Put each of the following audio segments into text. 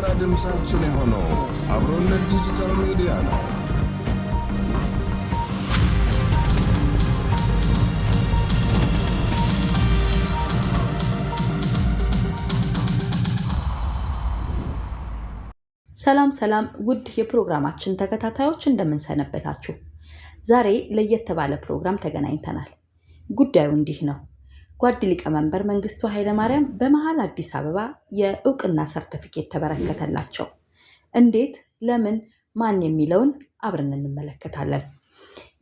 የጋራ ድምፃችን የሆነው አብሮነት ዲጂታል ሚዲያ ነው። ሰላም ሰላም፣ ውድ የፕሮግራማችን ተከታታዮች እንደምንሰነበታችሁ። ዛሬ ለየት ባለ ፕሮግራም ተገናኝተናል። ጉዳዩ እንዲህ ነው። ጓድ ሊቀመንበር መንግስቱ ኃይለማርያም በመሃል አዲስ አበባ የእውቅና ሰርተፊኬት ተበረከተላቸው። እንዴት፣ ለምን፣ ማን የሚለውን አብረን እንመለከታለን።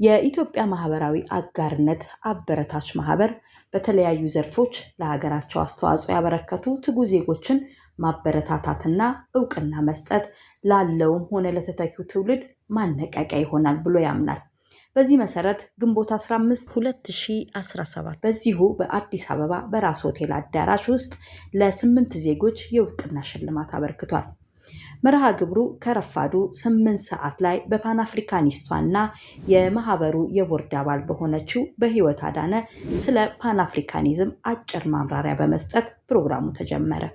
የኢትዮጵያ ማህበራዊ አጋርነት አበረታች ማህበር በተለያዩ ዘርፎች ለሀገራቸው አስተዋጽኦ ያበረከቱ ትጉ ዜጎችን ማበረታታትና እውቅና መስጠት ላለውም ሆነ ለተተኪው ትውልድ ማነቃቂያ ይሆናል ብሎ ያምናል። በዚህ መሰረት ግንቦት 15 2017 በዚሁ በአዲስ አበባ በራስ ሆቴል አዳራሽ ውስጥ ለስምንት ዜጎች የእውቅና ሽልማት አበርክቷል። መርሃ ግብሩ ከረፋዱ ስምንት ሰዓት ላይ በፓን አፍሪካኒስቷ እና የማህበሩ የቦርድ አባል በሆነችው በህይወት አዳነ ስለ ፓን አፍሪካኒዝም አጭር ማምራሪያ በመስጠት ፕሮግራሙ ተጀመረ።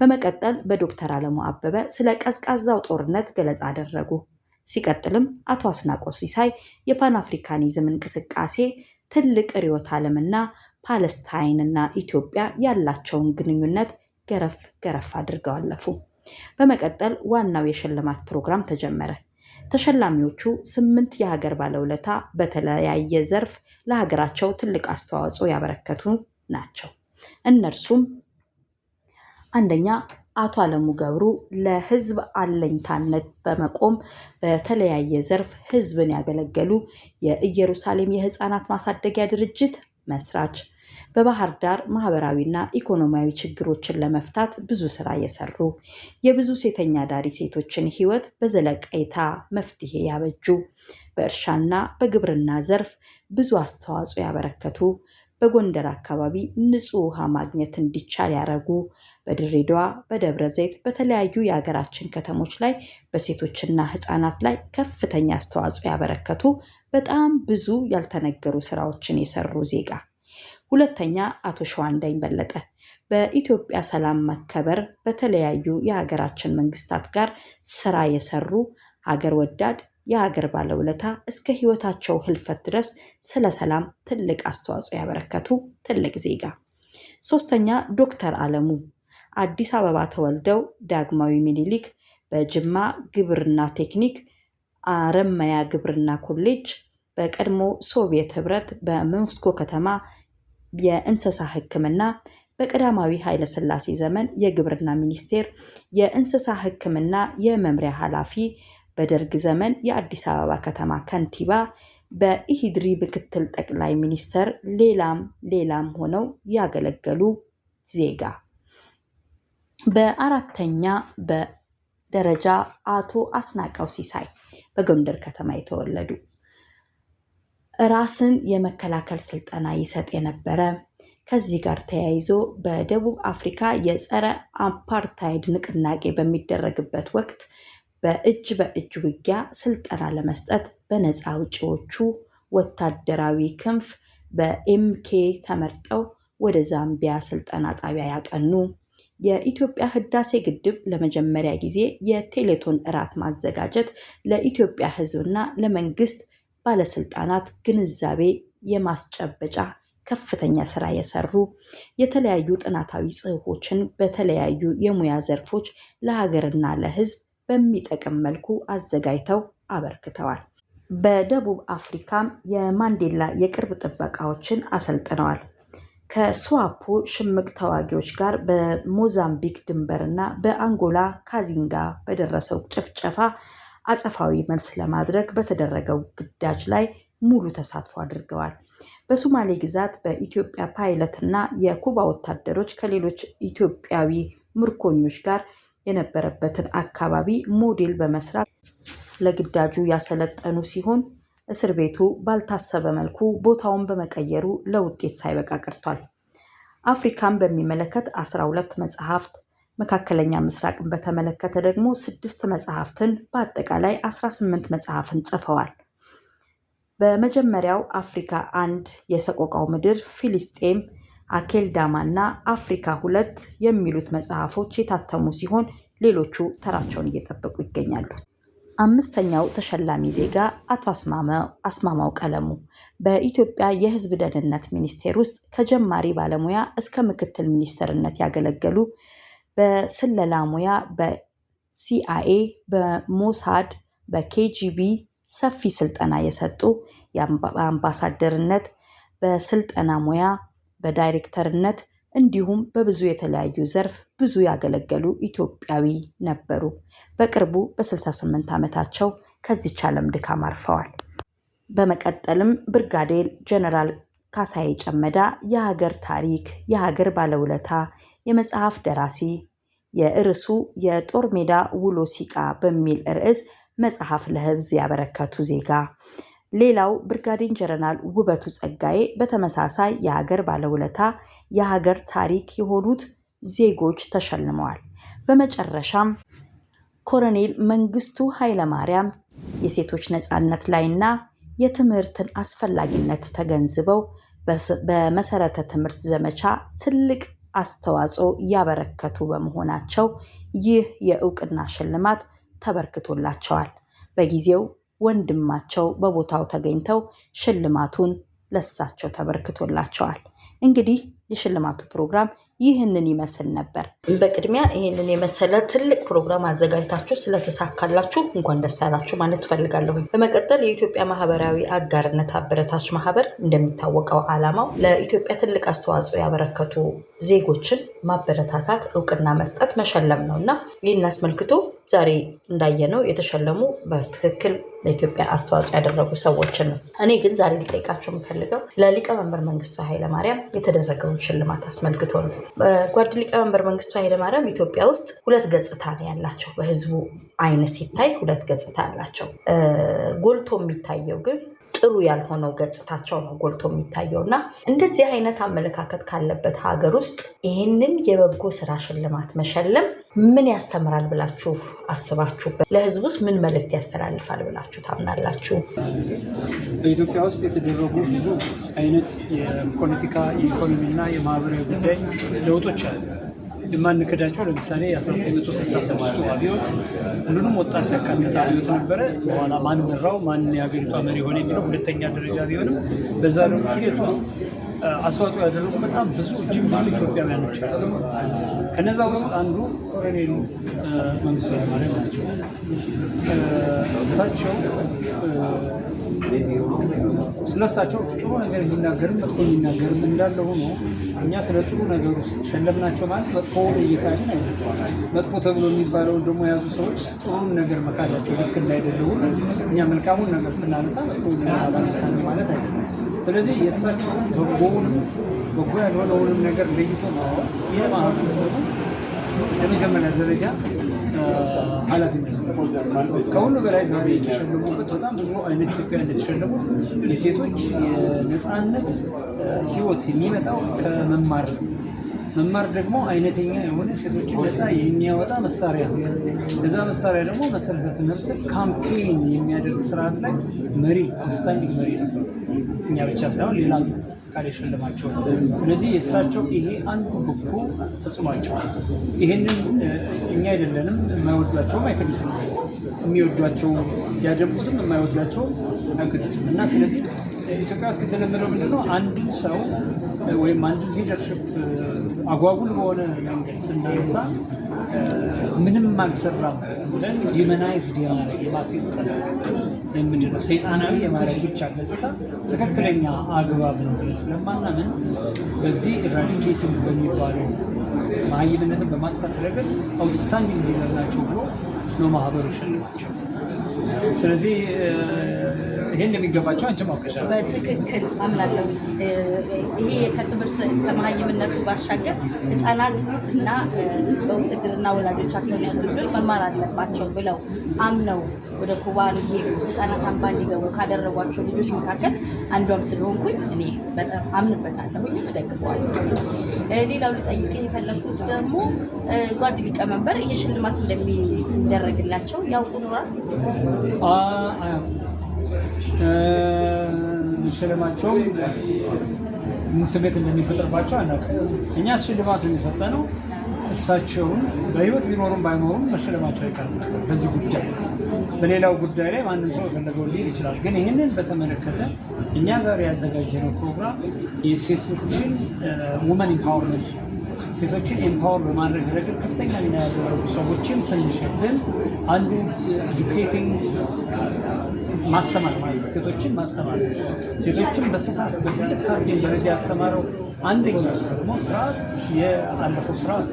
በመቀጠል በዶክተር አለሙ አበበ ስለ ቀዝቃዛው ጦርነት ገለጻ አደረጉ። ሲቀጥልም አቶ አስናቆ ሲሳይ የፓን አፍሪካኒዝም እንቅስቃሴ ትልቅ ርዕዮተ ዓለምና ፓለስታይንና ኢትዮጵያ ያላቸውን ግንኙነት ገረፍ ገረፍ አድርገው አለፉ። በመቀጠል ዋናው የሽልማት ፕሮግራም ተጀመረ። ተሸላሚዎቹ ስምንት የሀገር ባለውለታ በተለያየ ዘርፍ ለሀገራቸው ትልቅ አስተዋጽኦ ያበረከቱ ናቸው። እነርሱም አንደኛ አቶ አለሙ ገብሩ ለህዝብ አለኝታነት በመቆም በተለያየ ዘርፍ ህዝብን ያገለገሉ የኢየሩሳሌም የህፃናት ማሳደጊያ ድርጅት መስራች፣ በባህር ዳር ማህበራዊና ኢኮኖሚያዊ ችግሮችን ለመፍታት ብዙ ስራ የሰሩ፣ የብዙ ሴተኛ ዳሪ ሴቶችን ህይወት በዘለቀይታ መፍትሄ ያበጁ፣ በእርሻና በግብርና ዘርፍ ብዙ አስተዋጽኦ ያበረከቱ በጎንደር አካባቢ ንጹህ ውሃ ማግኘት እንዲቻል ያደረጉ በድሬዳዋ በደብረ ዘይት በተለያዩ የሀገራችን ከተሞች ላይ በሴቶችና ህፃናት ላይ ከፍተኛ አስተዋጽኦ ያበረከቱ በጣም ብዙ ያልተነገሩ ስራዎችን የሰሩ ዜጋ። ሁለተኛ አቶ ሸዋንዳኝ በለጠ በኢትዮጵያ ሰላም መከበር በተለያዩ የሀገራችን መንግስታት ጋር ስራ የሰሩ ሀገር ወዳድ የሀገር ባለውለታ እስከ ህይወታቸው ህልፈት ድረስ ስለ ሰላም ትልቅ አስተዋጽኦ ያበረከቱ ትልቅ ዜጋ። ሶስተኛ ዶክተር አለሙ አዲስ አበባ ተወልደው ዳግማዊ ምኒልክ በጅማ ግብርና ቴክኒክ አረማያ ግብርና ኮሌጅ በቀድሞ ሶቪየት ህብረት በሞስኮ ከተማ የእንስሳ ህክምና በቀዳማዊ ኃይለስላሴ ዘመን የግብርና ሚኒስቴር የእንስሳ ህክምና የመምሪያ ኃላፊ በደርግ ዘመን የአዲስ አበባ ከተማ ከንቲባ በኢሂድሪ ምክትል ጠቅላይ ሚኒስተር ሌላም ሌላም ሆነው ያገለገሉ ዜጋ። በአራተኛ በደረጃ አቶ አስናቀው ሲሳይ በጎንደር ከተማ የተወለዱ ራስን የመከላከል ስልጠና ይሰጥ የነበረ ከዚህ ጋር ተያይዞ በደቡብ አፍሪካ የጸረ አፓርታይድ ንቅናቄ በሚደረግበት ወቅት በእጅ በእጅ ውጊያ ስልጠና ለመስጠት በነፃ አውጪዎቹ ወታደራዊ ክንፍ በኤምኬ ተመርጠው ወደ ዛምቢያ ስልጠና ጣቢያ ያቀኑ፣ የኢትዮጵያ ህዳሴ ግድብ ለመጀመሪያ ጊዜ የቴሌቶን እራት ማዘጋጀት ለኢትዮጵያ ህዝብና ለመንግስት ባለስልጣናት ግንዛቤ የማስጨበጫ ከፍተኛ ስራ የሰሩ፣ የተለያዩ ጥናታዊ ጽሑፎችን በተለያዩ የሙያ ዘርፎች ለሀገርና ለህዝብ በሚጠቅም መልኩ አዘጋጅተው አበርክተዋል። በደቡብ አፍሪካም የማንዴላ የቅርብ ጥበቃዎችን አሰልጥነዋል። ከስዋፖ ሽምቅ ተዋጊዎች ጋር በሞዛምቢክ ድንበር እና በአንጎላ ካዚንጋ በደረሰው ጭፍጨፋ አጸፋዊ መልስ ለማድረግ በተደረገው ግዳጅ ላይ ሙሉ ተሳትፎ አድርገዋል። በሶማሌ ግዛት በኢትዮጵያ ፓይለት እና የኩባ ወታደሮች ከሌሎች ኢትዮጵያዊ ምርኮኞች ጋር የነበረበትን አካባቢ ሞዴል በመስራት ለግዳጁ ያሰለጠኑ ሲሆን እስር ቤቱ ባልታሰበ መልኩ ቦታውን በመቀየሩ ለውጤት ሳይበቃ ቀርቷል። አፍሪካን በሚመለከት 12 መጽሐፍት፣ መካከለኛ ምስራቅን በተመለከተ ደግሞ ስድስት መጽሐፍትን በአጠቃላይ 18 መጽሐፍን ጽፈዋል። በመጀመሪያው አፍሪካ አንድ የሰቆቃው ምድር ፊሊስጤም አኬልዳማ እና አፍሪካ ሁለት የሚሉት መጽሐፎች የታተሙ ሲሆን ሌሎቹ ተራቸውን እየጠበቁ ይገኛሉ። አምስተኛው ተሸላሚ ዜጋ አቶ አስማማው ቀለሙ በኢትዮጵያ የሕዝብ ደህንነት ሚኒስቴር ውስጥ ከጀማሪ ባለሙያ እስከ ምክትል ሚኒስትርነት ያገለገሉ፣ በስለላ ሙያ በሲአይኤ፣ በሞሳድ፣ በኬጂቢ ሰፊ ስልጠና የሰጡ፣ በአምባሳደርነት፣ በስልጠና ሙያ፣ በዳይሬክተርነት እንዲሁም በብዙ የተለያዩ ዘርፍ ብዙ ያገለገሉ ኢትዮጵያዊ ነበሩ። በቅርቡ በ68 ዓመታቸው ከዚች ዓለም ድካም አርፈዋል። በመቀጠልም ብርጋዴር ጀነራል ካሳዬ ጨመዳ የሀገር ታሪክ፣ የሀገር ባለውለታ፣ የመጽሐፍ ደራሲ፣ የእርሱ የጦር ሜዳ ውሎ ሲቃ በሚል ርዕስ መጽሐፍ ለህብዝ ያበረከቱ ዜጋ ሌላው ብርጋዴን ጀነራል ውበቱ ጸጋዬ በተመሳሳይ የሀገር ባለውለታ፣ የሀገር ታሪክ የሆኑት ዜጎች ተሸልመዋል። በመጨረሻም ኮሎኔል መንግስቱ ኃይለማርያም የሴቶች ነፃነት ላይና የትምህርትን አስፈላጊነት ተገንዝበው በመሰረተ ትምህርት ዘመቻ ትልቅ አስተዋጽኦ ያበረከቱ በመሆናቸው ይህ የእውቅና ሽልማት ተበርክቶላቸዋል። በጊዜው ወንድማቸው በቦታው ተገኝተው ሽልማቱን ለሳቸው ተበርክቶላቸዋል። እንግዲህ የሽልማቱ ፕሮግራም ይህንን ይመስል ነበር። በቅድሚያ ይህንን የመሰለ ትልቅ ፕሮግራም አዘጋጅታችሁ ስለተሳካላችሁ እንኳን ደስ ያላችሁ ማለት እፈልጋለሁኝ። በመቀጠል የኢትዮጵያ ማህበራዊ አጋርነት አበረታች ማህበር እንደሚታወቀው ዓላማው ለኢትዮጵያ ትልቅ አስተዋጽኦ ያበረከቱ ዜጎችን ማበረታታት፣ እውቅና መስጠት፣ መሸለም ነው እና ይህን አስመልክቶ ዛሬ እንዳየነው የተሸለሙ በትክክል ለኢትዮጵያ አስተዋጽኦ ያደረጉ ሰዎችን ነው። እኔ ግን ዛሬ ልጠይቃቸው የምፈልገው ለሊቀመንበር መንግስቱ ኃይለማርያም የተደረገውን ሽልማት አስመልክቶ ነው። ጓድ ሊቀመንበር መንግስቱ ኃይለማርያም ኢትዮጵያ ውስጥ ሁለት ገጽታ ነው ያላቸው። በህዝቡ አይን ሲታይ ሁለት ገጽታ አላቸው። ጎልቶ የሚታየው ግን ጥሩ ያልሆነው ገጽታቸው ነው ጎልቶ የሚታየው እና እንደዚህ አይነት አመለካከት ካለበት ሀገር ውስጥ ይህንን የበጎ ስራ ሽልማት መሸለም ምን ያስተምራል ብላችሁ አስባችሁበት ለህዝብ ውስጥ ምን መልእክት ያስተላልፋል ብላችሁ ታምናላችሁ? በኢትዮጵያ ውስጥ የተደረጉ ብዙ አይነት የፖለቲካ የኢኮኖሚና የማህበራዊ ጉዳይ ለውጦች አሉ። የማንክዳቸው ለምሳሌ የ1968 አብዮት ሁሉንም ወጣት ያካተተ አብዮት ነበረ። በኋላ ማን መራው ማን የሀገሪቷ መሪ ሆነ የሚለው ሁለተኛ ደረጃ ቢሆንም በዛ ለውጥ ሂደት ውስጥ አስተዋጽኦ ያደረጉ በጣም ብዙ እጅግ ብዙ ኢትዮጵያውያን ናቸው። ከነዛ ውስጥ አንዱ ኮሎኔሉ መንግስቱ ኃይለማርያም ናቸው። እሳቸው ስለሳቸው ጥሩ ነገር የሚናገርም መጥፎ የሚናገርም እንዳለ ሆኖ እኛ ስለ ጥሩ ነገር ውስጥ ሸለምናቸው ማለት መጥፎ እየካድን አይነት መጥፎ ተብሎ የሚባለውን ደግሞ የያዙ ሰዎች ጥሩን ነገር መካላቸው ልክ እንዳይደለ ሁሉ እኛ መልካሙን ነገር ስናነሳ መጥፎ ነገር አላነሳንም ማለት አይደለም። ስለዚህ የእሳቸውን በጎውንም በጎ ያልሆነውንም ነገር ለይቶ ማወቅ ይህ ማህበረሰቡ ለመጀመሪያ ደረጃ ኃላፊነት ከሁሉ በላይ ዛሬ የተሸለሙበት በጣም ብዙ አይነት ኢትዮጵያ እንደተሸለሙት የሴቶች የነፃነት ህይወት የሚመጣው ከመማር ነው። መማር ደግሞ አይነተኛ የሆነ ሴቶችን ነፃ የሚያወጣ መሳሪያ ነው። እዛ መሳሪያ ደግሞ መሰረተ ትምህርት ካምፔን የሚያደርግ ስርዓት ላይ መሪ አስታንዲንግ መሪ ነበር። እኛ ብቻ ሳይሆን ሌላ ቃል የሸለማቸው ነው። ስለዚህ የእሳቸው ይሄ አንዱ ብኩ ተጽዕኗቸዋል። ይህንን እኛ አይደለንም የማይወዷቸውም አይፈልግ የሚወዷቸው ያደምቁትም የማይወዷቸው አይክዱትም እና ስለዚህ ኢትዮጵያ ውስጥ የተለመደው ነው? አንድን ሰው ወይም አንድን ሊደርሽፕ አጓጉል በሆነ መንገድ ስናነሳ ምንም አልሰራም ብለን ዲመናይዝድ የማድረግ የማስጠል ምንድነው ሰይጣናዊ የማድረግ ብቻ ገጽታ ትክክለኛ አግባብ ነው ብለን ስለማናምን በዚህ ኤራዲኬቲንግ በሚባለው መሀይምነትን በማጥፋት ረገድ አውትስታንዲንግ ሊደር ናቸው ብሎ ነው ማህበሩ ሸልማቸው። ስለዚህ ይሄ እንደሚገባቸው አንቺ ማውቀሻል። በትክክል አምናለሁ። ይሄ ከትምህርት ከመሀይምነቱ ባሻገር ህፃናት እና በውትድርና ወላጆቻቸውን ያሉ ልጆች መማር አለባቸው ብለው አምነው ወደ ኩባ ሄዱ ህፃናት አምባ እንዲገቡ ካደረጓቸው ልጆች መካከል አንዷም ስለሆንኩኝ እኔ በጣም አምንበታለሁ፣ እደግፈዋለሁ። ሌላው ልጠይቅ የፈለግኩት ደግሞ ጓድ ሊቀመንበር ይሄ ሽልማት እንደሚደረግላቸው ያውቁ ኖራል ሽልማቸውም ምን ስሜት እንደሚፈጥርባቸው አናውቅም። እኛ ሽልማቱን የሚሰጠ ነው እሳቸውን በህይወት ቢኖሩም ባይኖሩም መሸለማቸው አይቀርም። በዚህ ጉዳይ በሌላው ጉዳይ ላይ ማንም ሰው የፈለገው ሊል ይችላል። ግን ይህንን በተመለከተ እኛ ዛሬ ያዘጋጀነው ፕሮግራም የሴቶችን ውመን ኢምፓወርመንት ሴቶችን ኤምፓወር በማድረግ ረገድ ከፍተኛ ሚና ያደረጉ ሰዎችን ስንሸልም አንዱ ኤጁኬቲንግ ማስተማር ማለት ሴቶችን ማስተማር ሴቶችን በስፋት በትልቅ ካርቴን ደረጃ ያስተማረው አንደኛ ደግሞ ስርዓት የአለፈው ስርዓት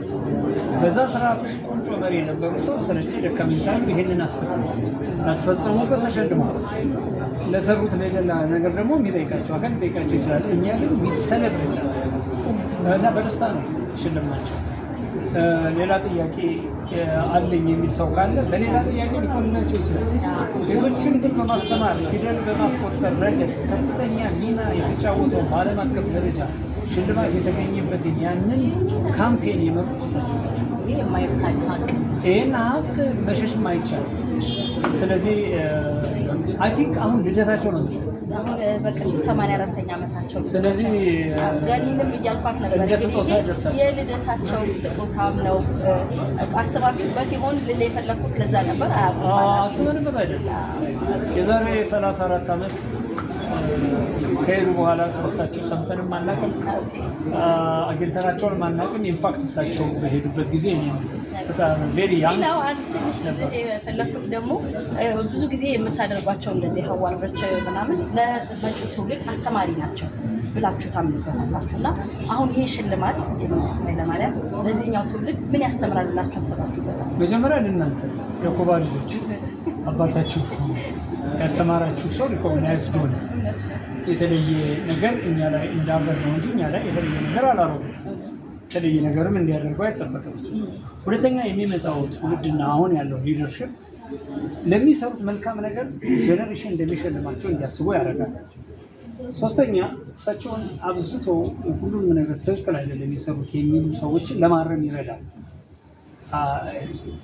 በዛ ስርዓት ውስጥ ቁንጮ መሪ የነበሩ ሰው ሰለቼ ደከመኝ ሳሉ ይሄንን አስፈጽሙ አስፈጽሙበት ተሸልመዋል። ለሰሩት ሌላ ነገር ደግሞ የሚጠይቃቸው አካል ሊጠይቃቸው ይችላል። እኛ ግን ሚሰለብርና እና በደስታ ነው ሽልማቸው ሌላ ጥያቄ አለኝ የሚል ሰው ካለ በሌላ ጥያቄ ሊኮንናቸው ይችላል። ሴቶችን ግን በማስተማር ፊደል በማስቆጠር ረገድ ከፍተኛ ሚና የተጫወተው በዓለም አቀፍ ደረጃ ሽልማት የተገኘበትን ያንን ካምፔን የመሩት እሳቸው ናቸው። ይህን ሀቅ መሸሽም አይቻልም። ስለዚህ አይ ቲንክ አሁን ልደታቸው ነው መሰለኝ። አሁን በቅርቡ ሰማንያ አራተኛ ዓመታቸው። ስለዚህ ገኒንም እያልኳት ነበር የልደታቸው ስጦታም ነው። አስባችሁበት ይሆን ልል የፈለግኩት ለዛ ነበር። አስበንበት አይደለም። የዛሬ ሰላሳ አራት ዓመት ከሄዱ በኋላ ስለሳቸው ሰምተንም አናውቅም፣ አግኝተናቸውን አናውቅም። ኢንፋክት እሳቸው በሄዱበት ጊዜ እኔ ሌላው አንድ ትንሽ የፈለኩት ደግሞ ብዙ ጊዜ የምታደርጓቸው እንደዚህ ሀዋርዶች ምናምን ለመጪው ትውልድ አስተማሪ ናቸው ብላችሁ ታምኑበታላችሁ እና አሁን ይሄ ሽልማት የመንግስቱ ኃይለማርያም ለዚህኛው ትውልድ ምን ያስተምራል ብላችሁ አሰባችሁበታል? መጀመሪያ ለእናንተ ለኮባ ልጆች አባታችሁ ያስተማራችሁ ሰው ሪኮግናይዝ ዶነ የተለየ ነገር እኛ ላይ እንዳበር ነው እንጂ እኛ ላይ የተለየ ነገር አላረጉም። የተለየ ነገርም እንዲያደርጉ አይጠበቅም። ሁለተኛ የሚመጣው ትውልድና አሁን ያለው ሊደርሽፕ ለሚሰሩት መልካም ነገር ጀነሬሽን እንደሚሸልማቸው እንዲያስቡ ያደርጋል። ሶስተኛ እሳቸውን አብዝቶ ሁሉንም ነገር ትክክል አይደለም የሚሰሩት የሚሉ ሰዎችን ለማረም ይረዳል።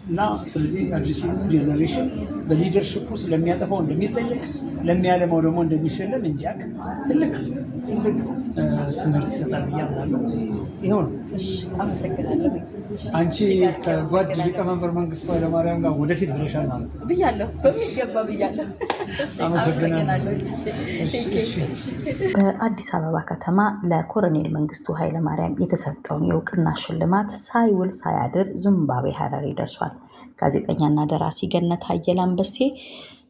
እና ስለዚህ አዲሱ ጀኔሬሽን በሊደርሽፑ ስለሚያጠፋው እንደሚጠየቅ ለሚያለማው ደግሞ እንደሚሸለም እንዲያቅ ትልቅ ትልቅ ትምህርት ይሰጣል ብዬ አምናለሁ። ነው። አመሰግናለሁ። አንቺ ከጓድ ሊቀመንበር መንግስቱ ኃይለማርያም ጋር ወደፊት ብለሻል ማለት ነው ብያለሁ፣ በሚገባ ብያለሁ። አመሰግናለሁ። በአዲስ አበባ ከተማ ለኮሎኔል መንግስቱ ኃይለማርያም የተሰጠውን የእውቅና ሽልማት ሳይውል ሳያድር ዚምባብዌ ሀረሪ ደርሷል። ጋዜጠኛና ደራሲ ገነት አየለ አንበሴ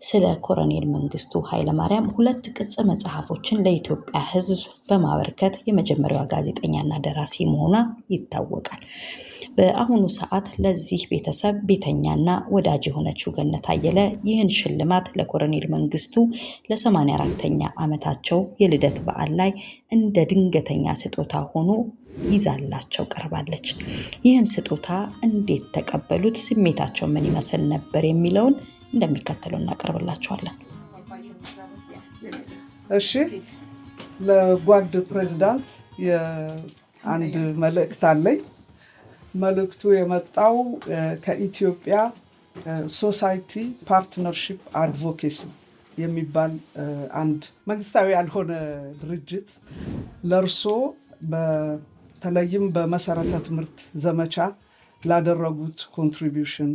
ስለ ኮሎኔል መንግስቱ ኃይለማርያም ሁለት ቅጽ መጽሐፎችን ለኢትዮጵያ ሕዝብ በማበርከት የመጀመሪያዋ ጋዜጠኛና ደራሲ መሆኗ ይታወቃል። በአሁኑ ሰዓት ለዚህ ቤተሰብ ቤተኛና ወዳጅ የሆነችው ገነት አየለ ይህን ሽልማት ለኮሎኔል መንግስቱ ለ84ተኛ ዓመታቸው የልደት በዓል ላይ እንደ ድንገተኛ ስጦታ ሆኖ ይዛላቸው ቀርባለች። ይህን ስጦታ እንዴት ተቀበሉት፣ ስሜታቸው ምን ይመስል ነበር የሚለውን እንደሚከተለው እናቀርብላቸዋለን። እሺ፣ ለጓድ ፕሬዚዳንት የአንድ መልእክት አለኝ። መልእክቱ የመጣው ከኢትዮጵያ ሶሳይቲ ፓርትነርሺፕ አድቮኬሲ የሚባል አንድ መንግስታዊ ያልሆነ ድርጅት ለእርሶ በተለይም በመሰረተ ትምህርት ዘመቻ ላደረጉት ኮንትሪቢሽን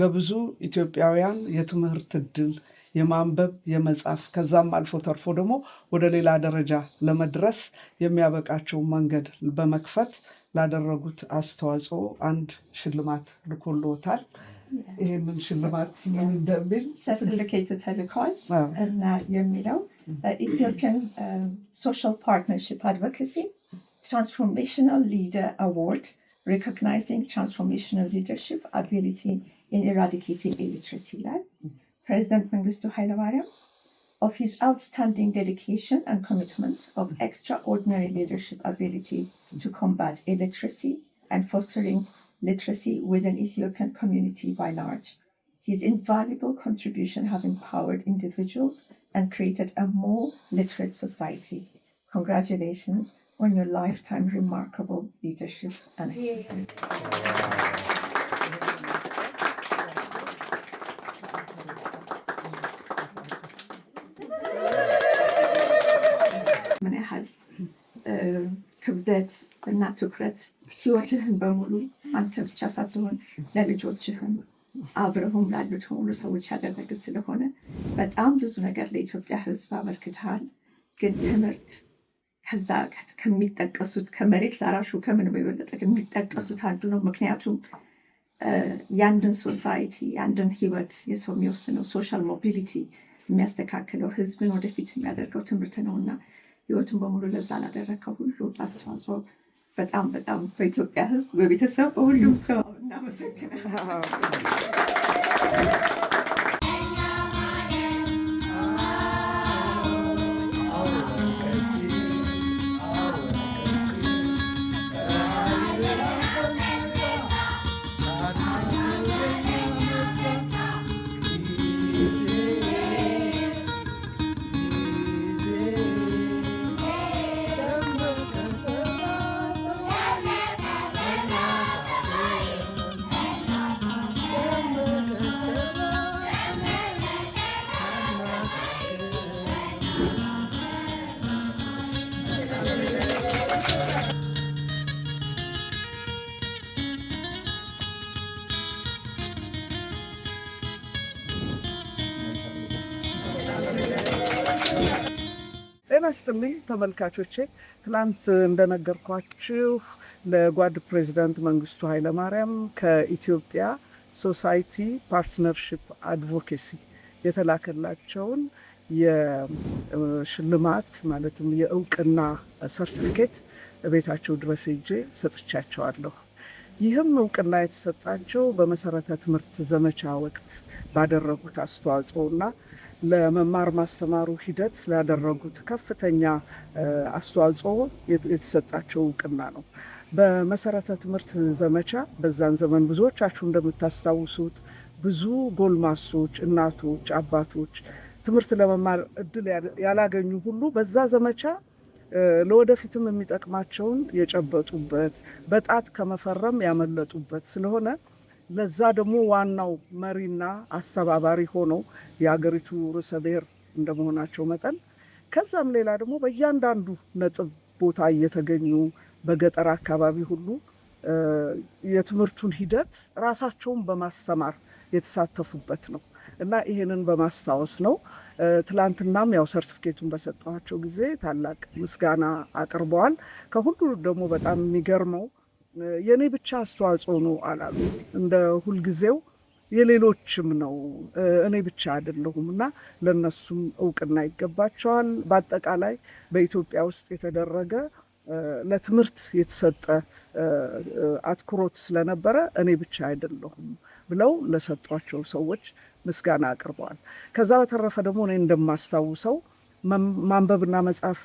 ለብዙ ኢትዮጵያውያን የትምህርት እድል የማንበብ የመጻፍ ከዛም አልፎ ተርፎ ደግሞ ወደ ሌላ ደረጃ ለመድረስ የሚያበቃቸውን መንገድ በመክፈት ላደረጉት አስተዋጽኦ አንድ ሽልማት ልኮልዎታል። ይህንን ሽልማት እንደሚል ሰርቲፊኬት ተልኳል እና የሚለው ኢትዮጵያን ሶሻል ፓርትነርሽፕ አድቮኬሲ ትራንስፎርሜሽናል ሊደር አዋርድ ሪኮግናይዚንግ ትራንስፎርሜሽናል ሊደርሽፕ አቢሊቲ ኢን ኢራዲኬቲንግ ኢሊትሬሲ ይላል። ፕሬዚደንት መንግስቱ ኃይለማርያም of his outstanding dedication and commitment of extraordinary leadership ability to combat illiteracy and fostering literacy within Ethiopian community by large. His invaluable contribution have empowered individuals and created a more literate society. Congratulations on your lifetime remarkable leadership and achievement. Yeah. ስደት እና ትኩረት ህይወትህን በሙሉ አንተ ብቻ ሳትሆን ለልጆችህም አብረውም ላሉት ሁሉ ሰዎች ያደረግ ስለሆነ በጣም ብዙ ነገር ለኢትዮጵያ ህዝብ አበርክተሃል። ግን ትምህርት ከዛ ከሚጠቀሱት ከመሬት ላራሹ ከምን የበለጠ የሚጠቀሱት አንዱ ነው። ምክንያቱም የአንድን ሶሳይቲ የአንድን ህይወት የሰው የሚወስነው ሶሻል ሞቢሊቲ የሚያስተካክለው ህዝብን ወደፊት የሚያደርገው ትምህርት ነው እና ህይወትን በሙሉ ለዛ ላደረከ ሁሉ አስተዋጽኦ በጣም በጣም በኢትዮጵያ ህዝብ፣ በቤተሰብ፣ በሁሉም ሰው እናመሰግናል። ጤና ይስጥልኝ ተመልካቾቼ። ትላንት እንደነገርኳችሁ ለጓድ ፕሬዚዳንት መንግስቱ ኃይለማርያም ከኢትዮጵያ ሶሳይቲ ፓርትነርሽፕ አድቮኬሲ የተላከላቸውን የሽልማት ማለትም የእውቅና ሰርቲፊኬት ቤታቸው ድረስ ሄጄ ሰጥቻቸዋለሁ። ይህም እውቅና የተሰጣቸው በመሰረተ ትምህርት ዘመቻ ወቅት ባደረጉት አስተዋጽኦ እና ለመማር ማስተማሩ ሂደት ላደረጉት ከፍተኛ አስተዋጽኦ የተሰጣቸው እውቅና ነው። በመሰረተ ትምህርት ዘመቻ በዛን ዘመን ብዙዎቻችሁ እንደምታስታውሱት ብዙ ጎልማሶች፣ እናቶች፣ አባቶች ትምህርት ለመማር እድል ያላገኙ ሁሉ በዛ ዘመቻ ለወደፊትም የሚጠቅማቸውን የጨበጡበት በጣት ከመፈረም ያመለጡበት ስለሆነ ለዛ ደግሞ ዋናው መሪና አስተባባሪ ሆነው የሀገሪቱ ርዕሰ ብሔር እንደመሆናቸው መጠን ከዛም ሌላ ደግሞ በእያንዳንዱ ነጥብ ቦታ እየተገኙ በገጠር አካባቢ ሁሉ የትምህርቱን ሂደት ራሳቸውን በማስተማር የተሳተፉበት ነው። እና ይሄንን በማስታወስ ነው። ትላንትናም ያው ሰርቲፊኬቱን በሰጠኋቸው ጊዜ ታላቅ ምስጋና አቅርበዋል። ከሁሉ ደግሞ በጣም የሚገርመው የእኔ ብቻ አስተዋጽኦ ነው አላሉ። እንደ ሁልጊዜው የሌሎችም ነው፣ እኔ ብቻ አይደለሁም እና ለእነሱም እውቅና ይገባቸዋል። በአጠቃላይ በኢትዮጵያ ውስጥ የተደረገ ለትምህርት የተሰጠ አትኩሮት ስለነበረ እኔ ብቻ አይደለሁም ብለው ለሰጧቸው ሰዎች ምስጋና አቅርበዋል። ከዛ በተረፈ ደግሞ እኔ እንደማስታውሰው ማንበብና መጻፍ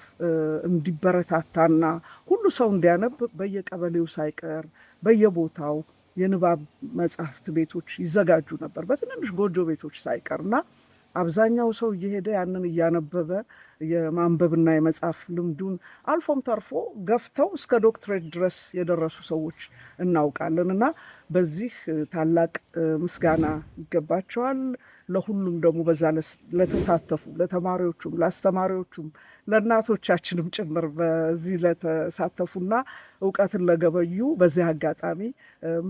እንዲበረታታና ሁሉ ሰው እንዲያነብ በየቀበሌው ሳይቀር በየቦታው የንባብ መጽሐፍት ቤቶች ይዘጋጁ ነበር፣ በትንንሽ ጎጆ ቤቶች ሳይቀርና አብዛኛው ሰው እየሄደ ያንን እያነበበ የማንበብና የመጻፍ ልምዱን አልፎም ተርፎ ገፍተው እስከ ዶክትሬት ድረስ የደረሱ ሰዎች እናውቃለን እና በዚህ ታላቅ ምስጋና ይገባቸዋል። ለሁሉም ደግሞ በዛ ለተሳተፉ ለተማሪዎቹም፣ ለአስተማሪዎቹም፣ ለእናቶቻችንም ጭምር በዚህ ለተሳተፉና እውቀትን ለገበዩ በዚህ አጋጣሚ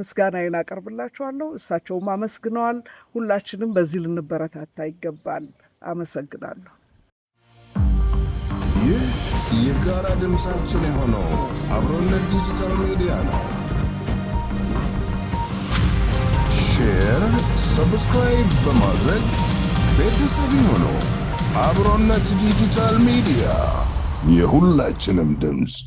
ምስጋናዬን አቀርብላቸዋለሁ። እሳቸውም አመስግነዋል። ሁላችንም በዚህ ልንበረታታ ይገባል። አመሰግናለሁ። የጋራ ድምፃችን የሆነው አብሮነት ዲጂታል ሚዲያ ነው። ሼር፣ ሰብስክራይብ በማድረግ ቤተሰብ የሆነው አብሮነት ዲጂታል ሚዲያ የሁላችንም ድምፅ